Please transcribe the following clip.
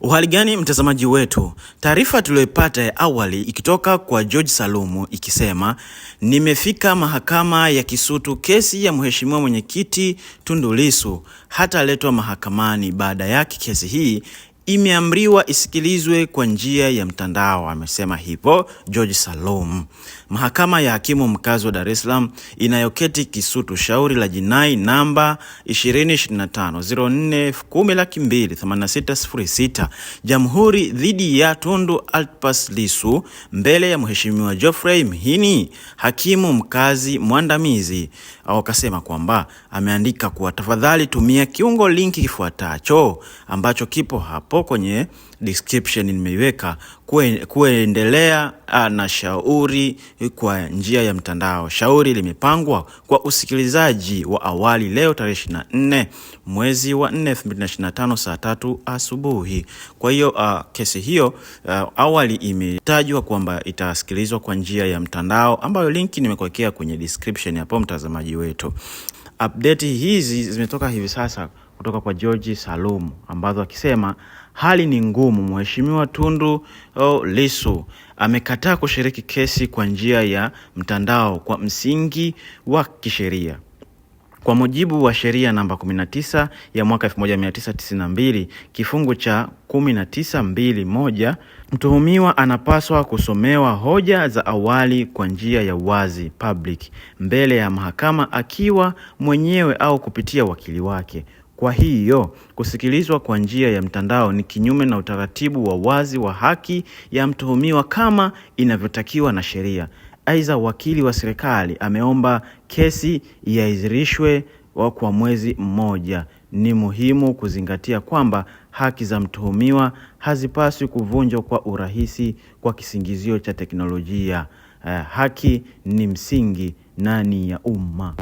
Uhali gani mtazamaji wetu, taarifa tuliyoipata ya awali ikitoka kwa George Salumu ikisema nimefika mahakama ya Kisutu, kesi ya mheshimiwa mwenyekiti Tundu Lissu hataletwa mahakamani. Baada yake kesi hii imeamriwa isikilizwe kwa njia ya mtandao. Amesema hivyo George Salum. Mahakama ya hakimu mkazi wa Dar es Salaam inayoketi Kisutu shauri la jinai namba 2025 jamhuri dhidi ya Tundu Antipas Lissu mbele ya Mheshimiwa Geoffrey Mhini, hakimu mkazi mwandamizi, wakasema kwamba ameandika kuwa tafadhali tumia kiungo linki kifuatacho ambacho kipo hapo hapo kwenye description nimeiweka, kuendelea ah, na shauri kwa njia ya mtandao. Shauri limepangwa kwa usikilizaji wa awali leo tarehe 24 mwezi wa 4 2025 saa tatu asubuhi. Kwa hiyo uh, kesi hiyo uh, awali imetajwa kwamba itasikilizwa kwa njia ya mtandao ambayo linki nimekuwekea kwenye description hapo, mtazamaji wetu. Update hizi zimetoka hivi sasa kutoka kwa George Salumu ambazo akisema hali ni ngumu. Mheshimiwa Tundu oh, Lissu amekataa kushiriki kesi kwa njia ya mtandao kwa msingi wa kisheria. Kwa mujibu wa sheria namba 19 ya mwaka 1992 kifungu cha 1921, mtuhumiwa anapaswa kusomewa hoja za awali kwa njia ya wazi public, mbele ya mahakama akiwa mwenyewe au kupitia wakili wake. Kwa hiyo, kusikilizwa kwa njia ya mtandao ni kinyume na utaratibu wa wazi wa haki ya mtuhumiwa kama inavyotakiwa na sheria. Aidha, wakili wa serikali ameomba kesi iahirishwe kwa mwezi mmoja. Ni muhimu kuzingatia kwamba haki za mtuhumiwa hazipaswi kuvunjwa kwa urahisi kwa kisingizio cha teknolojia. Eh, haki ni msingi na ni ya umma.